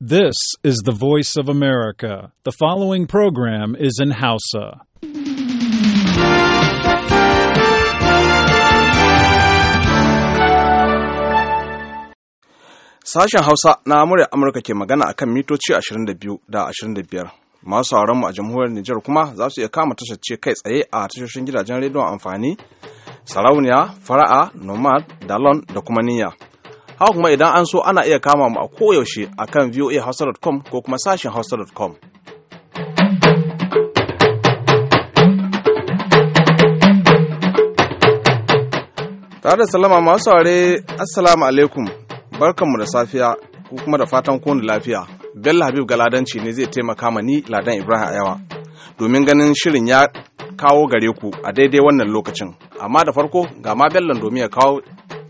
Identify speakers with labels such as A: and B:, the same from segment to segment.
A: This is the voice of America. The following program is in Hausa.
B: Sashen Hausa na Amurya Amurka ke magana a kan mitoci 22 da 25. Masu sauranmu a jamhuriyar Nijar kuma za su iya kama tashar ce kai tsaye a tashoshin gidajen rediyon amfani, sarauniya, fara'a, nomad, dalon da kuma niyya. haka kuma idan an so ana iya kama mu a koyaushe a kan voahausa.com ko kuma sashen hausa.com. Tare da salama masu saurare Assalamu alaikum barkanmu da safiya ko kuma da fatan kowane lafiya. Bello Habib Galadanci ne zai taimaka ma ni Ladan Ibrahim Ayawa domin ganin shirin ya kawo gare ku a daidai wannan lokacin. Amma da farko ga ma Bello domin ya kawo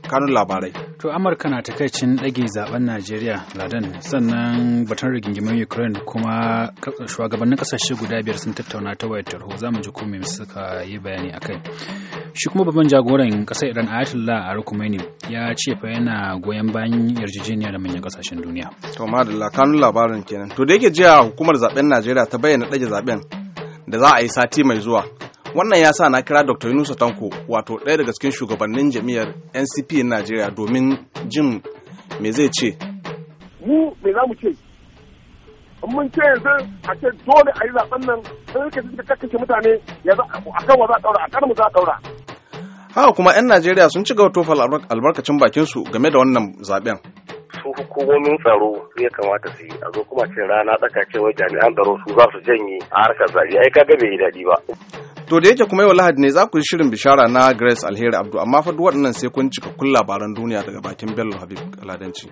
B: kanun labarai.
C: To Amurka na takaicin ɗage zaɓen Najeriya Ladan sannan batun rigingimin Ukraine kuma shugabannin kasashe guda biyar sun tattauna ta wayar tarho za mu ji kome su suka yi bayani a kai Shi kuma babban jagoran ƙasar Iran Ayatollah a Khomeini ya ce fa yana goyon bayan yarjejeniya da manyan kasashen duniya.
B: To madalla kanun labarin kenan. To da yake jiya hukumar zaben Najeriya ta bayyana ɗage zaɓen da za a yi sati mai zuwa wannan ya sa na kira dr yunusa tanko wato ɗaya daga cikin shugabannin jami'ar ncp najeriya domin jin me zai ce
D: mu me za mu ce mun ce yanzu a ce dole a yi zaɓen nan sai ka ji kakkace mutane ya za a kan wa za a ɗaura a kan mu za a ɗaura
B: haka kuma 'yan najeriya sun ci gaba tofa albarkacin bakin su game da wannan zaɓen
D: su hukumomin tsaro ya kamata su yi a zo kuma ce rana tsaka
E: jami'an tsaro su za su janye a harkar zaɓe ai kaga bai yi daɗi ba
B: To da yake kuma yau Lahadi ne za ku yi shirin bishara na Grace Alheri Abdu amma fa waɗannan sai kun cika kun labaran duniya daga bakin
C: Bello Habib Aladanci.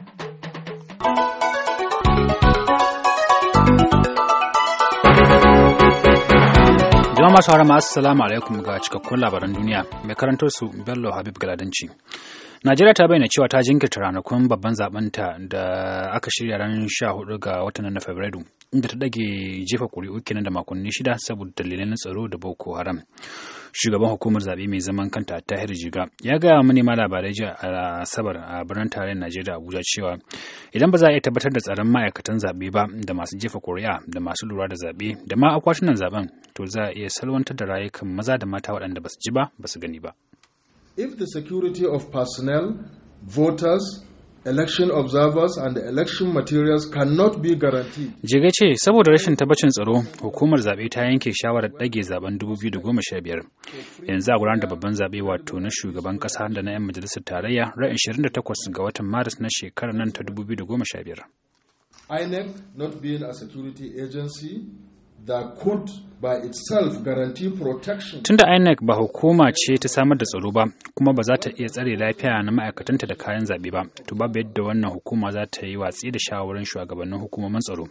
C: Jama'a masu haramu assalamu alaikum ga cikakkun labaran duniya mai karantar su Bello Habib Galadanci. Najeriya ta bayyana cewa ta jinkirta ranakun babban zaben ta da aka shirya ranar 14 ga watan na Fabrairu inda ta dage jefa kuri'u kenan da makonni shida saboda dalilan tsaro da Boko Haram. Shugaban hukumar zabe mai zaman kanta Tahir Jiga ya gaya manema labarai jiya a Asabar a birnin tarayyar Najeriya Abuja cewa idan ba za a iya tabbatar da tsaron ma'aikatan zabe ba da masu jefa kuri'a da masu lura da zabe da ma akwatunan zaben to za a iya salwantar da rayukan maza da mata waɗanda ba su ji ba ba su gani ba.
B: if the security of personnel, voters, election observers and election materials cannot be guaranteed.
C: Jiga ce saboda rashin tabbacin tsaro hukumar zabe ta yanke shawarar ɗage zaben 2015 yanzu a gudanar da babban zabe wato na shugaban ƙasa da na 'yan majalisar tarayya ran 28 ga watan maris na shekarar nan ta 2015.
B: INEC not being a security agency tun da Tunda
C: INEC ba hukuma ce ta samar da tsaro ba, kuma ba za ta iya tsare lafiya na ma'aikatanta da kayan zaɓe ba, to babu yadda wannan hukuma za ta yi watsi da shawarar shugabannin hukumomin tsaro.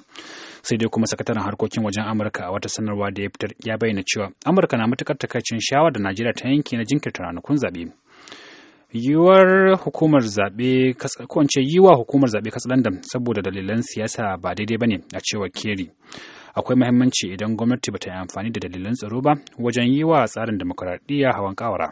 C: Sai dai kuma sakataren harkokin wajen Amurka a wata sanarwa da ya fitar ya bayyana cewa Amurka na matukar takaicin shawar da Najeriya ta yanke na jinkirta ranakun zaɓe. yiwuwar hukumar zaɓe ko in ce yiwa hukumar zaɓe katsalandan saboda dalilan siyasa ba daidai ba ne a cewar keri akwai mahimmanci idan gwamnati ba ta yi amfani da dalilan tsaro ba wajen yi wa tsarin demokuraɗiyya hawan kawara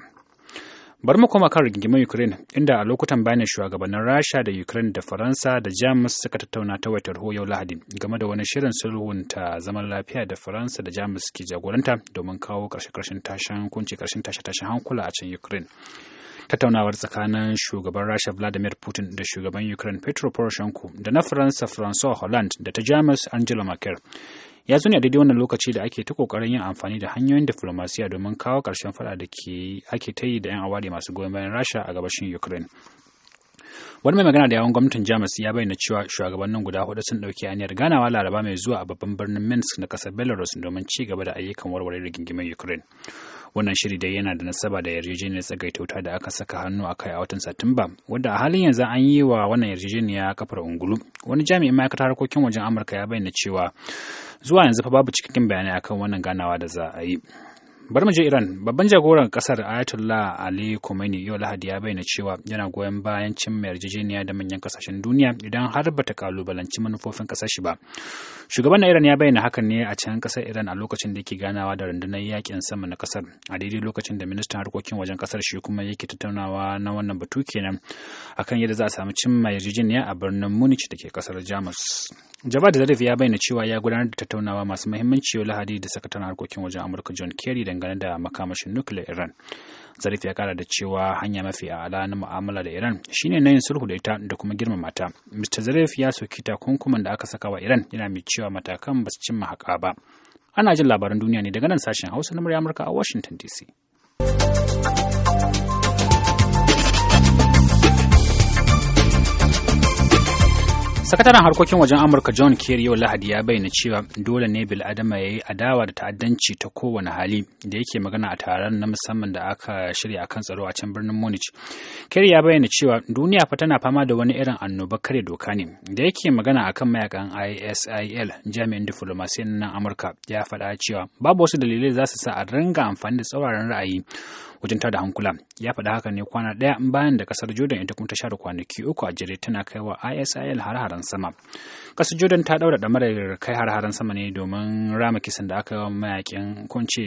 C: bar mu koma kan rigingimin ukraine inda a lokutan bayanin shugabannin rasha da ukraine da faransa da jamus suka tattauna ta waitar yau lahadi game da wani shirin sulhun ta zaman lafiya da faransa da jamus ke jagoranta domin kawo karshe karshen kunci karshen tashen hankula a can ukraine tattaunawar tsakanin shugaban rasha vladimir putin da shugaban ukraine petro poroshenko da na faransa francois hollande da ta jamus angela merkel ya zo ne a daidai wannan lokaci da ake ta kokarin yin amfani da hanyoyin diflomasiya domin kawo karshen fada da ke ake ta yi da 'yan aware masu goyon bayan rasha a gabashin ukraine wani mai magana da yawon gwamnatin jamus ya bayyana cewa shugabannin guda hudu sun dauki aniyar ganawa laraba mai zuwa a babban birnin minsk na kasar belarus domin ci gaba da ayyukan warware rigingimin ukraine wannan shiri dai yana da nasaba da yarjejeniyar tsagaita wuta da aka saka hannu a kai a watan satumba wanda a halin yanzu an yi wa wannan yarjejeniya kafar ungulu wani jami'in ma'aikatar harkokin wajen amurka ya bayyana cewa zuwa yanzu fa babu cikakken bayanai akan wannan ganawa da za a yi Bari mu je Iran, babban jagoran kasar Ayatollah Ali Khomeini yau Lahadi ya bayyana cewa yana goyon bayan cimma yarjejeniya da manyan kasashen duniya idan har bata kalubalanci manufofin kasar shi ba. Shugaban na Iran ya bayyana hakan ne a can kasar Iran a lokacin da yake ganawa da rundunar yakin sama na kasar a daidai lokacin da ministan harkokin wajen kasar shi kuma yake tattaunawa na wannan batu kenan akan yadda za a samu cimma yarjejeniya a birnin Munich da ke kasar Jamus. Javad Zarif ya bayyana cewa ya gudanar da tattaunawa masu muhimmanci yau Lahadi da sakataren harkokin wajen Amurka John Kerry dangane da makamashin nukiliyar Iran. Zarif ya kara da cewa hanya mafi a'ala na mu'amala da Iran shine na yin sulhu da ita da kuma girmama ta. Mr. Zarif ya soki takunkuman da aka saka wa Iran yana mai cewa matakan ba su cimma haƙa ba. Ana jin labaran duniya ne daga nan sashen Hausa na murya Amurka a Washington DC. sakataren harkokin wajen amurka john kerry yau lahadi ya bayyana cewa dole ne adama ya yi adawa da ta'addanci ta kowane hali da yake magana a taron na musamman da aka shirya a kan tsaro a can birnin munich kerry ya bayyana cewa duniya fa tana fama da wani irin annoba kare doka ne da yake magana akan mayakan isil jami'in diflomasiyyar nan amurka ya faɗa cewa babu wasu dalilai za su sa a ringa amfani da tsauraran ra'ayi wajen tada hankula ya faɗa haka ne kwana ɗaya bayan da kasar jordan ita kuma ta share kwanaki uku a jere tana kaiwa isil har-haren sama kasu Jordan ta ɗaura da kai har-haren sama ne domin rama kisan da aka yi wa mayakin kunce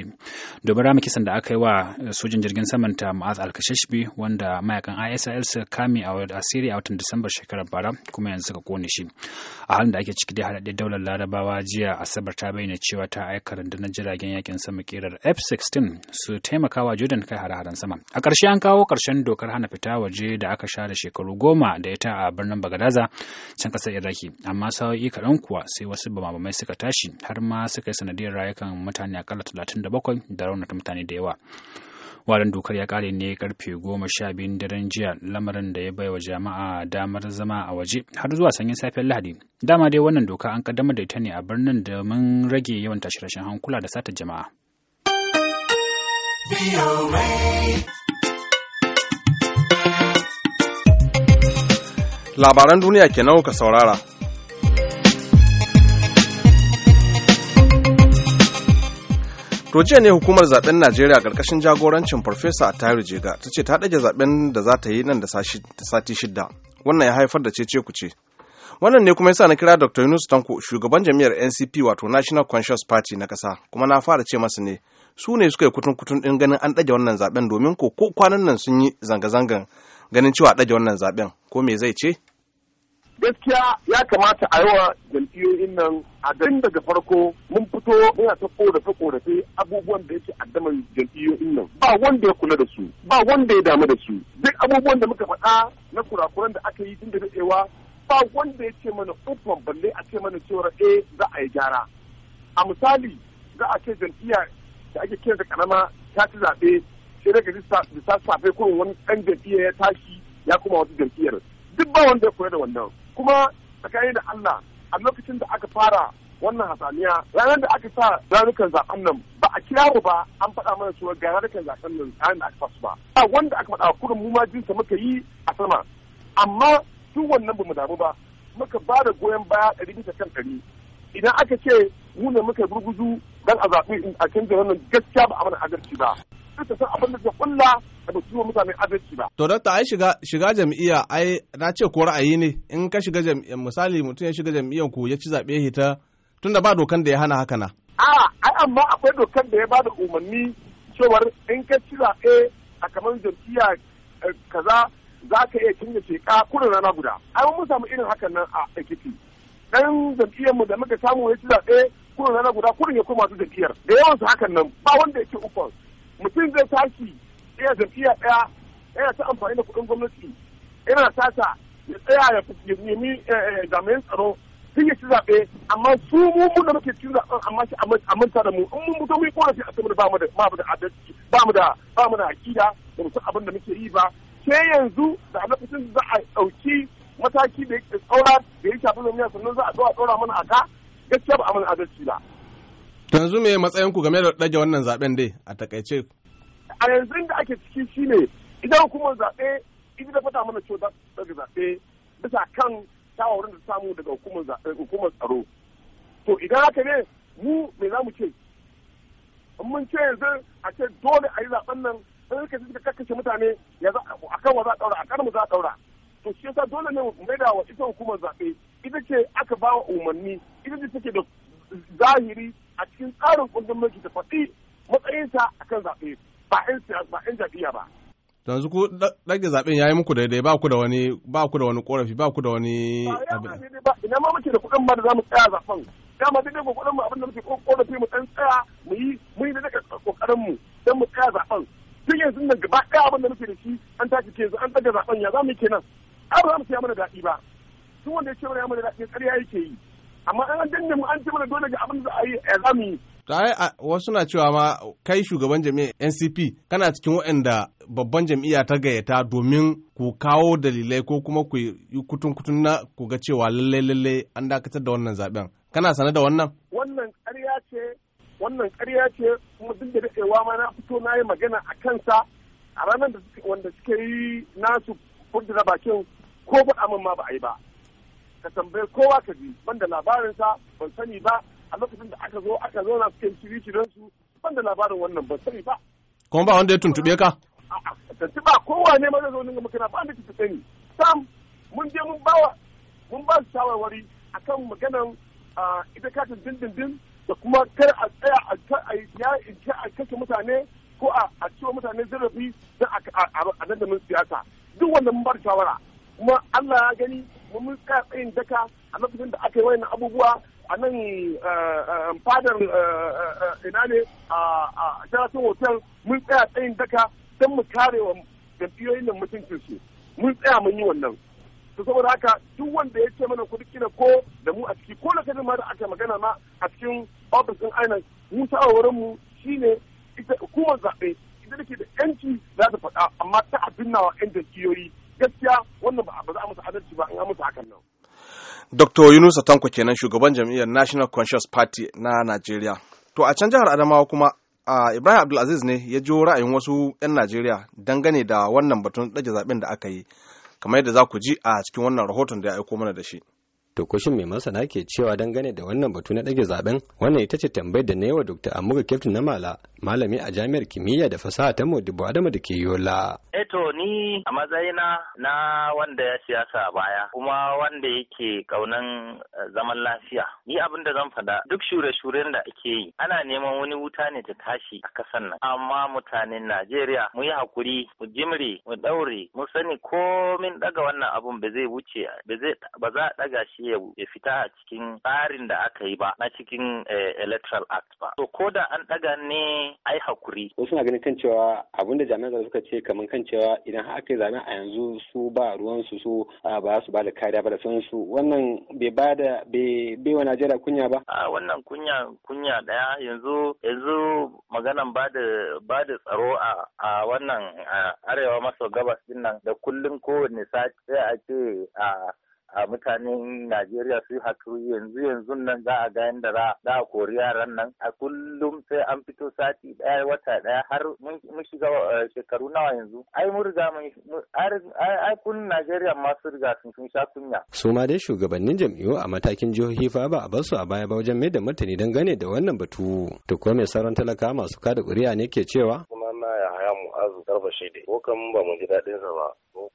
C: domin rama kisan da aka yi wa sojin jirgin saman ta Mu'az al wanda mayakan ISIL su kame a asiri a watan Disambar shekarar bara kuma yanzu suka kone shi. A halin da ake ciki dai haɗaɗɗen daular Larabawa jiya Asabar ta bayyana cewa ta aika rundunar jiragen yakin sama kirar F-16 su wa Jordan kai har-haren sama. A ƙarshe an kawo ƙarshen dokar hana fita waje da aka share shekaru goma da ita a birnin Bagadaza can ƙasar Iraki amma sa'o'i kaɗan kuwa sai wasu bamabamai suka tashi har ma suka yi sanadiyar rayukan mutane akalla talatin da bakwai da raunata mutane da yawa wadan dokar ya kare ne karfe goma sha biyun daren jiya lamarin da ya bai wa jama'a damar zama a waje har zuwa sanyin safiyar lahadi dama dai wannan doka an kaddamar da ita ne a birnin domin rage yawan tashe-tashen hankula da sata jama'a
B: labaran duniya kenan ka saurara To jiya ne hukumar zaben Najeriya karkashin jagorancin Farfesa Atayiru Jega ta ce ta ɗage zaben da za ta yi nan da sati shida. Wannan ya haifar da cece ce Wannan ne kuma yasa na kira Dr. Yunus Tanko shugaban jami'ar NCP wato National Conscious Party na ƙasa kuma na fara ce masa ne su ne suka yi kutun kutun ɗin ganin an ɗage wannan zaben domin ko ko kwanan nan sun yi zanga-zangan ganin cewa ɗage wannan zaben ko me zai
C: ce?
D: gaskiya ya kamata a yawa jam'iyyoyin nan a garin daga farko mun fito muna ta korafe korafe abubuwan da yake addamar jam'iyyoyin nan ba wanda ya kula da su ba wanda ya damu da su duk abubuwan da muka faɗa na kurakuran da aka yi tun da daɗewa ba wanda ya ce mana uffan balle a ce mana cewa eh za a yi gyara a misali za a ce jam'iyya da ake kira da karama ta ci zaɓe sai daga lissafi ko wani ɗan jam'iyya ya tashi ya kuma wata jam'iyyar duk ba wanda ya koya da wannan kuma tsakani da Allah a lokacin da aka fara wannan hasaniya ranar da aka sa ranukan zaben nan ba a kira ba an faɗa mana cewa ga ranukan zaben nan ranar da aka fasu ba a wanda aka faɗa kurin mu ma jinsa muka yi a sama amma duk wannan ba mu damu ba muka ba da goyon baya ɗari bisa kan ɗari idan aka ce mu ne muka gurguzu dan a zaɓi a canza wannan gaskiya ba a mana adalci ba. Ita san abin da ta kulla ba su wa mutane adalci ba.
B: To dakta ai shiga shiga jam'iyya ai na ce ko ra'ayi ne in ka shiga jami'a misali mutum ya shiga jam'iyyan ku ya ci zaɓe hita tunda ba dokan da ya hana haka na.
D: A ai amma akwai dokan da ya ba da umarni cewa in ka ci zaɓe a kamar jam'iyya eh, kaza za ka iya cinye sheka kuna rana guda. Ai mun samu irin hakan nan a Ekiti. Dan mu da muka samu ya ci zaɓe kuna rana guda kuna ya koma su jam'iyyar. Da yawansu hakan nan ba wanda ya ukon. Mutum zai tashi tsaya zafiya ɗaya yana ta amfani da kuɗin gwamnati yana sata ya tsaya ya nemi eh, eh, jami'an tsaro sun yi ci zaɓe amma su mu mun da muke cikin zaɓen amma shi a manta da mu in mun mutum mu yi korafi a samun ba mu da ba mu da adalci ba mu da ba mu da aƙida da mu abin da muke yi ba sai yanzu da a lokacin za a ɗauki mataki da yake tsaura da ya shafi zamiya sannan za a zo a tsaura mana a ka gaskiya ba a mana adalci ba.
B: To yanzu me matsayin ku game da ɗage wannan zaɓen dai a takaice
D: a yanzu da ake ciki shine idan hukumar zaɓe ita ta fata mana cewa daga zaɓe bisa kan shawarar da samu daga hukumar tsaro to idan haka ne mu me za mu ce mun ce yanzu a ce dole a yi zaɓen nan in ka suka kakkace mutane ya a kan wa za a ɗaura a kan mu za a ɗaura to shi yasa dole ne mu maida wa ita hukumar zaɓe ita ce aka ba wa umarni ita ce take da zahiri a cikin tsarin kundin mulki ta faɗi a kan zaɓe ba yan jam'iyya ba
B: yanzu ku ɗage zaɓen ya yi muku daidai ba ku da wani ba ku da wani ƙorafi ba ku da wani
D: ina ma muke da kuɗin ba da za mu tsaya zaɓen dama daidai ko kuɗin mu abin da muke ƙorafi mu ɗan tsaya mu yi mu yi da daga ƙoƙarin mu don mu tsaya zaɓen tun yanzu nan gaba ɗaya abin da muke da shi an tashi ke yanzu an zaɓen ya za mu yi kenan ai ba za mu mana daɗi ba tun wanda ya ce mana ya mana daɗi ƙarya yake yi amma an danne mu an ce mana dole ga abin da a yi
B: to yi ai wasu na cewa ma kai shugaban jami'ar NCP kana cikin waɗanda babban jami'a ta gayyata domin ku kawo dalilai ko kuma ku yi kutun kutun na ku ga cewa lalle lalle an dakatar da wannan zaben kana sane da wannan
D: wannan ƙarya ce wannan ƙarya ce kuma duk da cewa ma na fito na yi magana a kansa a ranar da wanda suke yi nasu fudda bakin ko ba ma ba a yi ba ka tambayi kowa ka ji banda labarinsa ban sani ba a lokacin da aka zo aka zo na cikin shiri shirin su banda labarin wannan ban sani ba. Kuma ba wanda ya tuntuɓe ka? ba kowa ne ma zai zo ninga makana ba wanda tuntuɓe ni. Sam mun je mun bawa mun ba su shawarwari akan maganan ita katin dindindin da kuma kar a tsaya a ya kake mutane ko a ciwo mutane zarafi don a dandamin siyasa duk wanda mun ba da shawara kuma Allah ya gani mun ka tsayin daka a lokacin da aka yi wayannan abubuwa a nan eh, eh, eh, fadar ina ne a sheraton hotel mun tsaya tsayin daka don mu kare wa jam'iyyoyin nan mutuncin su mun tsaya mun yi wannan to saboda haka duk wanda ya ce mana kudi kina ko da mu a ciki ko lokacin ma da aka magana ma a cikin office din ainan mu sa'awarin mu shine ita hukumar zabe idan da da yanci za ta faɗa amma ta abin wa yan jam'iyyoyi gaskiya wannan ba za a musu adalci ba in an musu hakan nan
B: Dr. Yunusa Tanko kenan shugaban jam'iyyar National Conscious Party na Najeriya. To a can jihar Adamawa kuma uh, Ibrahim Abdulaziz ne ya ji ra'ayin wasu 'yan Najeriya dangane da wannan batun ɗage zaɓen da aka yi, kamar yadda za ku ji a cikin wannan rahoton da ya aiko mana da shi. to mai masana ke cewa dangane da wannan batu na ɗage zaben
C: wannan ita ce tambayar da na wa dr amuga kyaftin na mala malami a jami'ar kimiyya da fasaha ta modibo adamu da ke yola
F: eto eh ni a matsayina na wanda ya siyasa a baya kuma wanda yake kaunan eh, zaman lafiya ni abin da zan faɗa duk shure-shuren da ake yi ana neman wani wuta ne ta tashi a kasan nan amma mutanen najeriya mu yi hakuri mu jimre mu ɗaure mu sani komin ɗaga wannan abun ba zai wuce ba za a ɗaga shi iya fita a cikin tsarin da aka yi ba na cikin eh, electoral act ba to ko da an daga ne ai hakuri
E: wasu suna ganin kan cewa abin da jami'an suka ce kamar kan cewa idan har aka yi zaben a yanzu su ba ruwan su su ba su ba da kariya ba da su wannan bai ba da bai wa Najeriya kunya ba a wannan
F: kunya kunya daya yanzu yanzu maganan ba da ba da tsaro a wannan arewa maso gabas din nan da kullum kowane sati sai a ce a a mutanen Najeriya su hakuri yanzu yanzu nan za a ga yadda za a kori yaran nan a kullum sai an fito sati daya wata daya har mun shiga eh, shekaru nawa yanzu ai mun riga mun ai kun Najeriya masu riga sun sha kunya
C: su ma dai shugabannin jam'iyyu a matakin jihohi fa ba a bar su a baya ba wajen mai da martani dangane da wannan batu to ko mai sauran talaka masu kada ƙuri'a ne ke cewa
F: kuma na ya haya mu
E: azu karfashe dai ko kan ba mu ji daɗin sa ba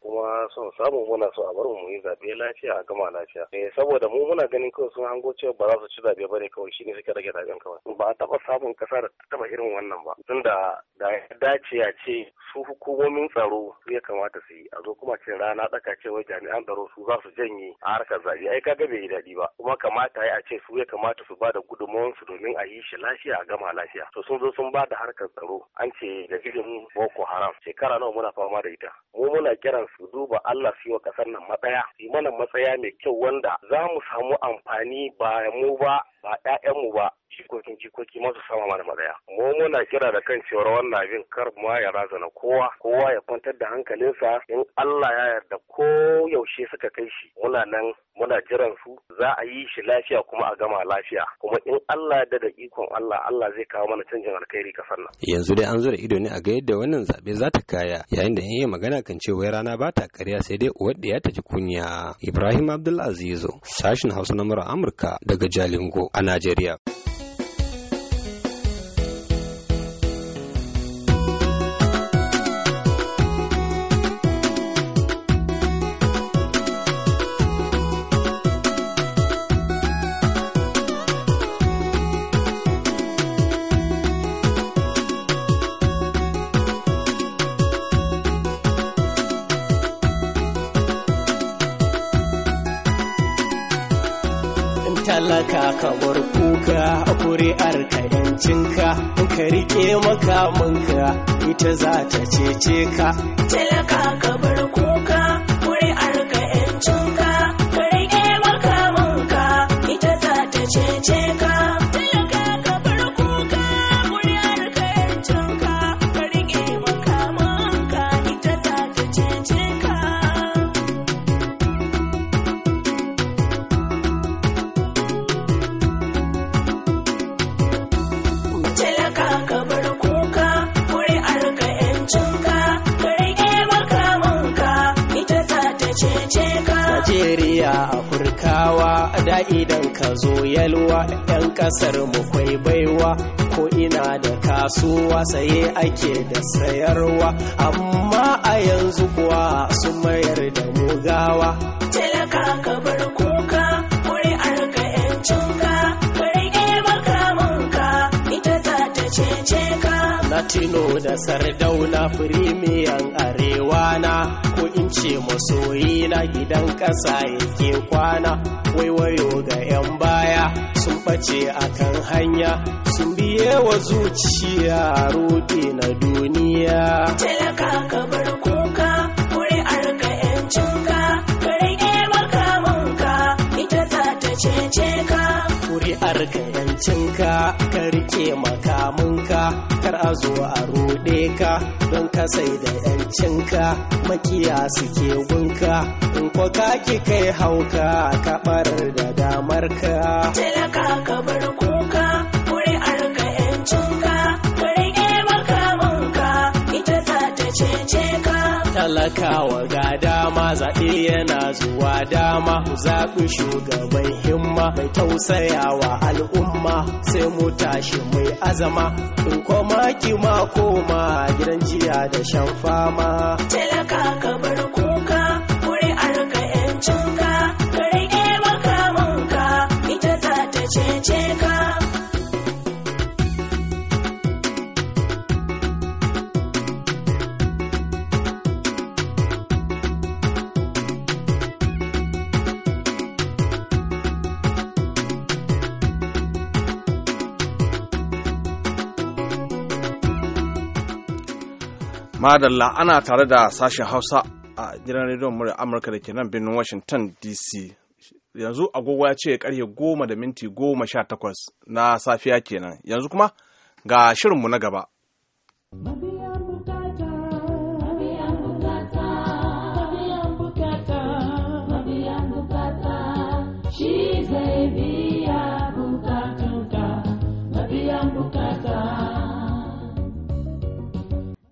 E: kuma so samun muna so a bar mu yi zaɓe lafiya a gama lafiya eh saboda mu muna ganin kawai sun hango cewa ba za su ci zaɓe bane kawai shine suke rage zaɓen kawai ba a taɓa samun ƙasar da taɓa irin wannan ba tunda da ya dace a ce su hukumomin tsaro su ya kamata su yi a zo kuma cin rana tsaka cewa jami'an tsaro su za su janye a harkar zaɓe ai kaga bai yi daɗi ba kuma kamata ya a ce su ya kamata su ba da gudunmawar su domin a yi shi lafiya a gama lafiya to sun zo sun ba da harkar tsaro an ce da irin boko haram shekara nawa muna fama da ita mu muna kiran su duba Allah su yi wa ƙasar nan matsaya su mana matsaya mai kyau wanda za mu samu amfani ba mu ba ba ƴaƴanmu ba jikokin jikoki masu sama mana matsaya mu muna kira da kan cewar wannan abin kar ma ya razana kowa kowa ya kwantar da hankalinsa in Allah ya yarda ko yaushe suka kai shi muna nan muna jiran su za a yi shi lafiya kuma a gama lafiya kuma in Allah da da ikon Allah Allah zai kawo mana canjin alkhairi ka nan
C: yanzu dai an zura ido ne a ga yadda wannan
E: zabe za ta kaya yayin da in yi magana kan ce wai rana ba ta karya sai dai uwar ya ta ji kunya Ibrahim Abdul sashin Hausa na Amurka daga Jalingo a Najeriya
G: talaka ka bar kuka kuri'ar ka yancinka in ka rike makamanka ita za ta cece ka talaka ka bar ka zo yalwa yan ƙasar mu kwai baiwa ko ina da kasuwa saye ake da sayarwa amma a yanzu kuwa su mayar da mugawa tino da sardauna firimiyan arewa na ko in ce masoyi gidan ƙasa yake kwana waiwayo ga 'yan baya sun ɓace kan hanya sun biye wa zuciya roɗe na duniya talaka
H: ka bar kuka kuri'ar ka 'yancinka kare makamanka ita za ta cece ka
G: kuri'ar ka yancinka ka rike makamunka kar a zo a ruɗe ka don ka sai da yancinka makiya suke gunka in ko ki kai hauka ka barar da damarka talakawa ga dama zaɓe yana zuwa dama ku zaɓi shugaban himma mai tausayawa al'umma sai mu tashi mai azama in koma ma koma gidan jiya da shan fama talaka
B: madalla ana tare da sashen hausa a gidan rediyon murya amurka da ke nan birnin washington dc yanzu agogo ya ce karye goma da minti goma sha takwas na safiya kenan yanzu kuma ga shirinmu na gaba.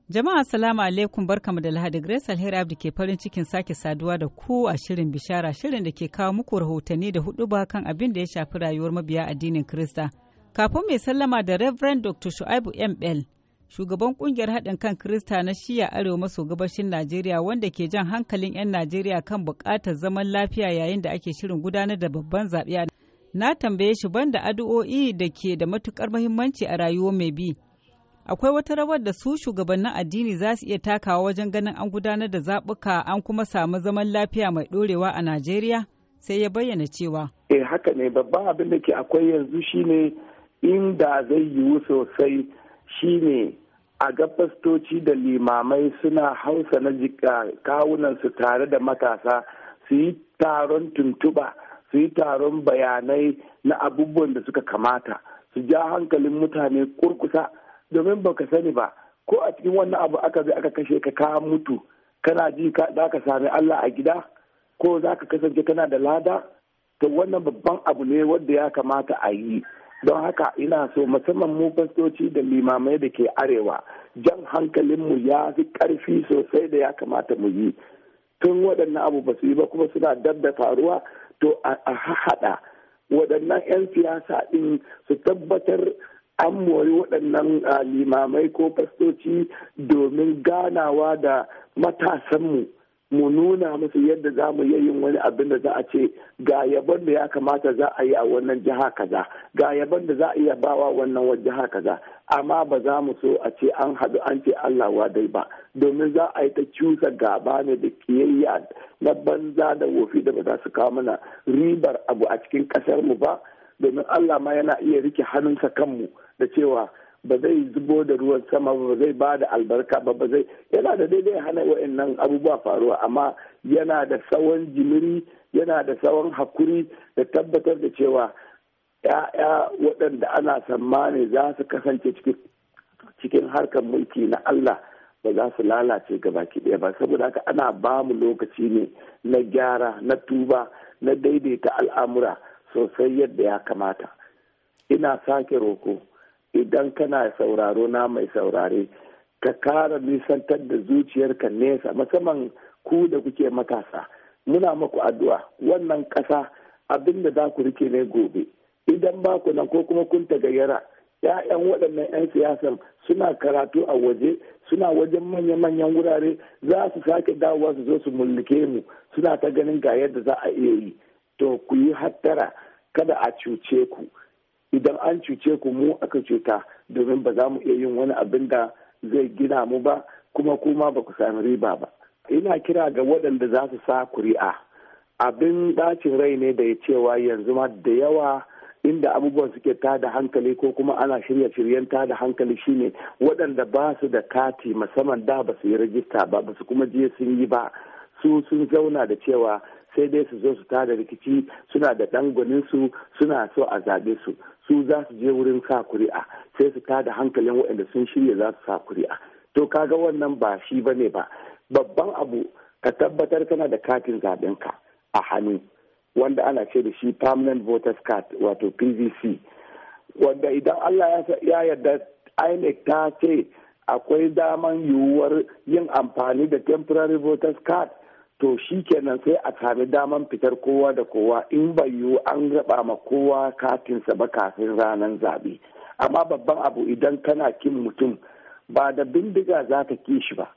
A: Jama'a salamu alaikum barkamu da Lahadi Grace Alheri Abdi ke farin cikin sake saduwa da ku a shirin bishara shirin da ke kawo muku rahotanni da ba kan abin da ya shafi rayuwar mabiya addinin Krista. Kafin mai sallama da Reverend Dr. Shu'aibu M. Bell, shugaban kungiyar haɗin kan Krista na shiya arewa maso gabashin Najeriya wanda ke jan hankalin 'yan Najeriya kan buƙatar zaman lafiya yayin da ake shirin gudanar da babban zaɓe. Na tambaye shi banda addu'o'i da ke da matuƙar muhimmanci a rayuwar mai bi. akwai wata rawar da su shugabannin addini za su iya takawa wajen ganin an gudanar da zaɓuka an kuma samu zaman lafiya mai ɗorewa a Najeriya sai ya bayyana cewa.
I: Eh haka ne babban abin da ke akwai yanzu shine inda zai yiwu sosai shine a ga fastoci da limamai suna hausa na jika su tare da matasa su yi taron tuntuɓa su yi taron bayanai na abubuwan da suka kamata su ja hankalin mutane kurkusa domin baka sani ba ko a cikin wannan abu aka zai aka kashe ka ka mutu kana ji za ka sami Allah a gida ko za ka kasance kana da lada to wannan babban abu ne wanda ya kamata a yi don haka ina so musamman mu fastoci da limamai da ke arewa jan hankalinmu ya fi karfi sosai da ya kamata mu yi tun waɗannan abu ba su yi ba kuma suna dab da faruwa to a haɗa waɗannan 'yan siyasa ɗin su tabbatar an mori waɗannan limamai ko fastoci domin ganawa da matasanmu mu nuna musu yadda za mu yin wani abin da za a ce ga yaban da ya kamata za a yi a wannan jiha kaza ga yaban da za a iya bawa wannan jiha kaza amma ba za mu so a ce an haɗu an ce Allah dai ba domin za a yi ta cusa gaba ne da kiyayya na banza da wofi da ba za su kawo mana ribar abu a cikin ƙasar mu ba domin Allah ma yana iya rike hannunsa kanmu da cewa ba zai zubo da ruwan sama ba zai ba da albarka ba ba zai yana da daidai hana wa'annan abubuwa faruwa amma yana da tsawon jimiri yana da tsawon hakuri da tabbatar da cewa ya'ya waɗanda ana tsammani za su kasance cikin harkar mulki na Allah ba za su lalace gabaki ɗaya ba saboda haka ana ba mu lokaci ne na gyara na tuba na daidaita al'amura sosai yadda ya kamata ina sake roko idan kana sauraro na mai saurare ka kara nisantar da zuciyarka nesa musamman ku da kuke matasa muna maku addu'a wannan ƙasa abinda za ku rike ne gobe idan ba ku nan ko kuma kun tagayyara ya'yan waɗannan 'yan siyasan suna karatu a waje suna wajen manya-manyan wurare za su sake dawowa su zo su mulke mu suna ta ganin ga yadda za a iya yi to ku yi hattara kada a cuce ku idan an cuce ku mu aka cuta domin ba za mu iya yin wani abin da zai gina mu ba kuma kuma ba ku sami riba ba ina kira ga waɗanda za su sa kuri'a abin ɗacin rai ne da ya cewa yanzu ma da yawa inda abubuwan suke ta da hankali ko kuma ana shirya shiryen da hankali shine waɗanda ba su da kati musamman da ba su yi rajista ba ba su kuma je sun yi ba su sun zauna da cewa sai dai su zo su tada rikici suna da ɗan su suna so a zaɓe su su za su je wurin sa kuri'a sai su tada hankalin waɗanda sun shirya za su sa kuri'a to kaga wannan ba shi ba ne ba babban abu ka tabbatar kana da katin zaɓen ka a hannu wanda ana ce da shi permanent voters card wato pvc wanda idan allah ya yarda inec ta ce akwai daman yiwuwar yin amfani da temporary voters card to shi kenan sai a sami daman fitar kowa da kowa in bai yiwu an raba ma kowa katinsa ba kafin ranar zaɓe amma babban abu idan kana kin mutum ba da bindiga za ka ki shi ba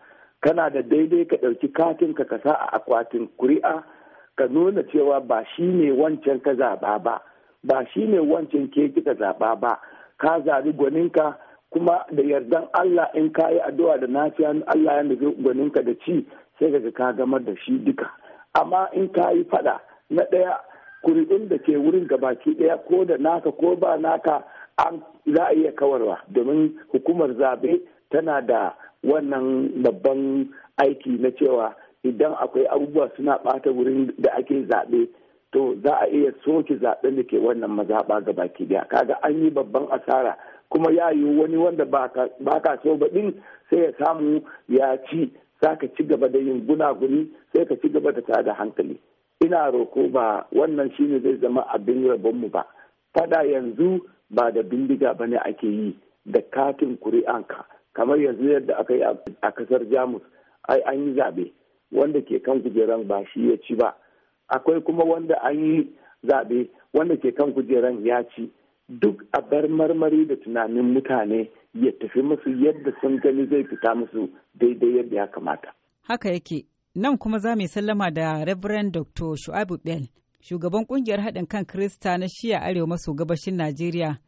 I: kana da daidai ka ɗauki katin ka kasa a akwatin kuri'a ka nuna cewa ba shi ne wancan ka zaɓa ba ba shi ne wancan ke kika zaɓa ba ka zaɓi gwaninka kuma da yardan Allah in ka yi addu'a da nafiya Allah ya nufi gwaninka da ci sai ga ka gamar da shi duka amma in ka yi fada na ɗaya kuri'un da ke wurin gabaki ɗaya ko da naka ko ba naka an za a iya kawarwa domin hukumar zabe tana da wannan babban aiki na cewa idan akwai abubuwa suna ɓata wurin da ake zaɓe to za a iya soke zaɓen da ke wannan mazaɓa ga baki daya kaga an yi babban asara kuma ya yi wani wanda ba ka so baɗin sai ya samu ya ci za ka ci gaba da yin gunaguni sai ka ci gaba da tada hankali ina roko ba wannan shine zai zama abin mu ba fada yanzu ba da bindiga ba bane ake yi da katin kuri'anka kamar yanzu yadda aka yi a kasar jamus ai an yi zaɓe wanda ke kan kujeran ba shi ya ci ba akwai kuma wanda an yi zaɓe wanda ke kan kujeran ya ci duk a bar marmari da tunanin mutane ya tafi musu yadda sun gani zai fita musu daidai yadda ya kamata.
A: Haka yake, nan kuma za mu sallama da Reverend Dr. Shu'abu Bell, shugaban kungiyar haɗin kan Krista na shiya arewa maso gabashin Najeriya,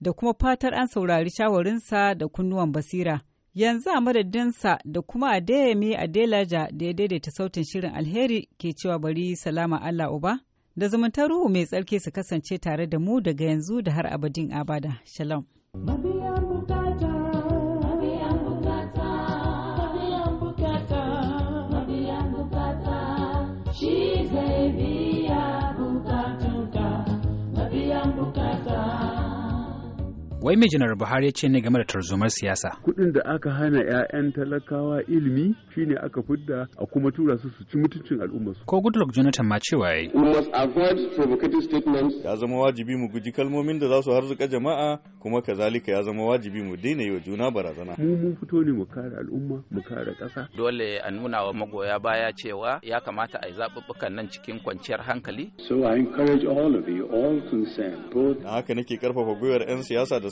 A: da kuma fatar an saurari shawarinsa da kunnuwan basira. Yanzu a madadinsa da kuma Adeyemi Adelaja da ya daidaita sautin shirin alheri ke cewa bari salama Allah Uba. da zumuntar ruhu mai tsarki su kasance tare da mu daga yanzu da har abadin abada. Shalom. Wai
C: mai janar Buhari ya ce ne game da tarzomar siyasa.
A: Kuɗin da aka hana 'ya'yan talakawa ilimi
C: shine aka fidda a kuma tura su su ci mutuncin su. Ko Goodluck Jonathan ma cewa yayi. We must
D: avoid provocative statements.
B: Ya zama wajibi mu guji kalmomin da za su harzuka jama'a kuma
C: kazalika ya zama wajibi mu daina yi wa juna barazana. Mu mun fito ne mu kare al'umma mu kare ƙasa. Dole a nuna wa magoya baya cewa ya kamata a yi zaɓuɓɓukan nan cikin kwanciyar hankali.
B: So I encourage all of you all concerned. Both... Na haka nake karfafa gwiwar 'yan siyasa da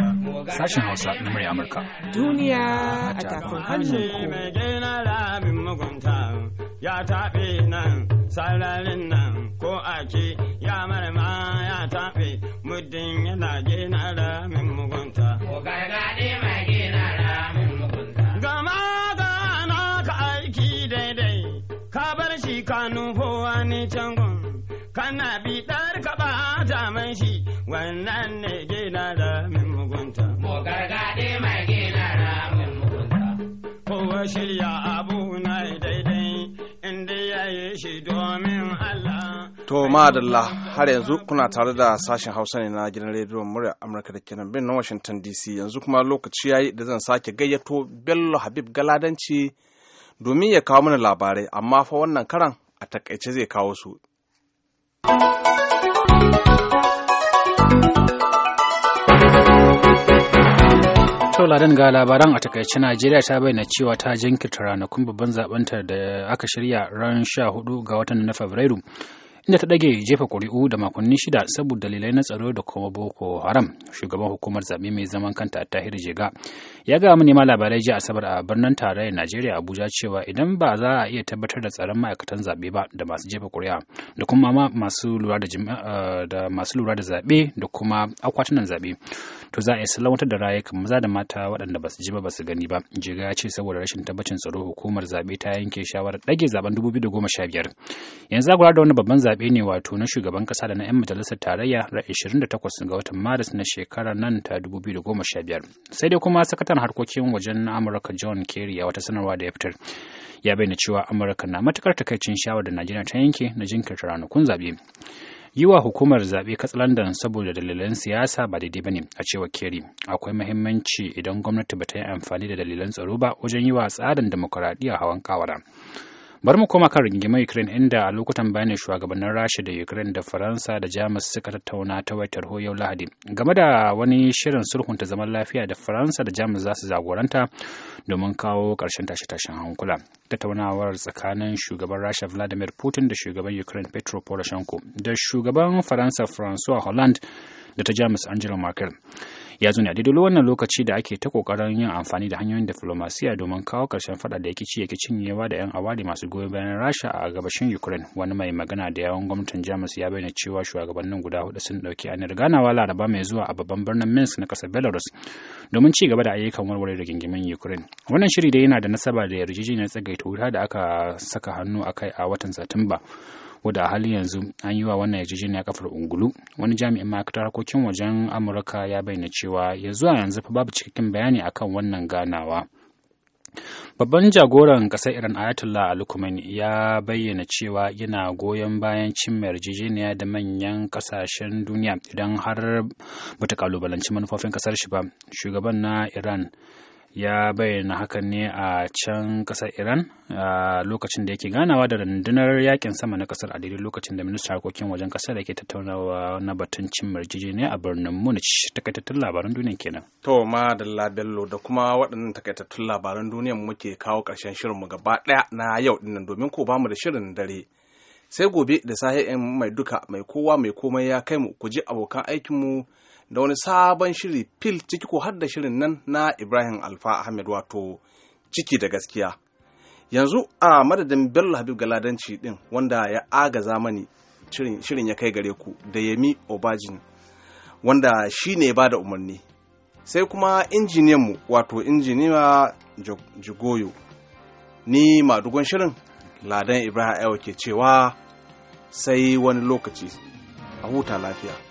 E: sashen Hausa
C: na murya Amurka.
A: Duniya a tafin hannun Ya taɓe
E: nan, sararin nan, ko ake ya marama ya taɓe muddin yana gina ramin mugunta.
B: madalla har yanzu kuna tare da sashen hausa ne na gidan rediyon murya amurka da ke nan birnin washington dc yanzu kuma lokaci ya yi da zan sake gayyato bello habib galadanci domin ya kawo mana labarai amma fa wannan karan a takaice zai kawo su
C: sauraron ga labaran a takaice Najeriya ta bayyana cewa ta jinkirta ranakun babban zaben da aka shirya ran 14 ga watan na Fabrairu inda ta ɗage jefa ƙuri'u da makonni shida saboda dalilai na tsaro da kuma boko haram shugaban hukumar zaɓe mai zaman kanta tahir jega ya ga nema labarai jiya asabar a birnin tarayyar najeriya abuja cewa idan ba za a iya tabbatar da tsaron ma'aikatan zaɓe ba da masu jefa ƙuri'a da kuma masu lura da eh, da masu lura da zaɓe da kuma akwatunan zaɓe to za a yi salwantar da rayukan maza da mata waɗanda ba su ji ba ba su gani ba jiga ya ce saboda rashin tabbacin tsaro hukumar zaɓe ta yanke shawarar ɗage zaben 2015 yanzu a da wani babban zaɓe ne wato na shugaban ƙasa da na 'yan majalisar tarayya ra 28 ga watan maris na shekarar nan ta 2015 sai dai kuma sakatar kan harkokin wajen amurka john kerry a wata sanarwa da ya fitar ya bayyana cewa amurka na matukar takaicin shawar da najeriya ta yanke na jinkirta ranakun zaɓe yi wa hukumar zaɓe katsalandan saboda dalilan siyasa ba daidai ba ne a cewa keri akwai mahimmanci idan gwamnati ba ta yi amfani da dalilan tsaro ba wajen yi wa tsarin demokuraɗiyya hawan kawara bar mu koma kan rigimar Ukraine inda a lokutan bayanin shugabannin Rasha da Ukraine da Faransa da Jamus suka tattauna ta waitar tarho yau Lahadi game da wani shirin sulhunta zaman lafiya da Faransa da Jamus za su zagoranta domin kawo karshen tashe-tashen hankula. Tattaunawar tsakanin shugaban Rasha Vladimir Putin da shugaban Ukraine Petro Poroshenko da shugaban Faransa François Hollande da ta Jamus Angela Merkel. ya zo ne a daidai wannan lokaci da ake ta kokarin yin amfani da hanyoyin diflomasiya domin kawo karshen fada da yake ci yake cinyewa da 'yan awali masu goyon bayan rasha a gabashin ukraine wani mai magana da yawon gwamnatin jamus ya bayyana cewa shugabannin guda hudu sun dauki aniyar ganawa laraba mai zuwa a babban birnin minsk na kasar belarus domin ci gaba da ayyukan warware da gingimin ukraine wannan shiri dai yana da nasaba da yarjejeniyar tsagaita wuta da aka saka hannu a kai a watan satumba wadda a halin yanzu an yi wa wannan yarjejeniya kafar ungulu wani jami'in ma'aikatar harkokin wajen amurka ya bayyana cewa ya zuwa yanzu fa babu cikakken bayani akan wannan ganawa Babban jagoran kasar Iran Ayatollah Ali Khamenei ya bayyana cewa yana goyon bayan cimma yarjejeniya da manyan kasashen duniya idan har bata kalubalanci manufofin ƙasar shi ba. Shugaban na Iran ya bayyana hakan ne a can kasar iran a lokacin da yake ganawa da rundunar yakin sama na kasar a daidai lokacin da ministan harkokin wajen kasar ke tattaunawa na batun cin ne a birnin munich takaitattun labaran duniya kenan
B: to ma da bello da kuma waɗannan takaitattun labaran duniya muke kawo ƙarshen mu gaba ɗaya na yau dinnan domin ko bamu da shirin dare sai gobe da sahi'in mai duka mai kowa mai komai ya kai mu ku ji abokan aikinmu mu da wani sabon shiri fil ciki ko har da shirin nan na Ibrahim Alfa Ahmed wato ciki da gaskiya. Yanzu a madadin Bello Habib Galadanci din wanda ya agaza mani shirin ya kai gare ku da Yemi Obajin wanda shi ne ba da umarni. Sai kuma mu wato injiniya Jigoyo ni madugon shirin Ladan Ibrahim Aiwa ke cewa sai wani lokaci a huta lafiya.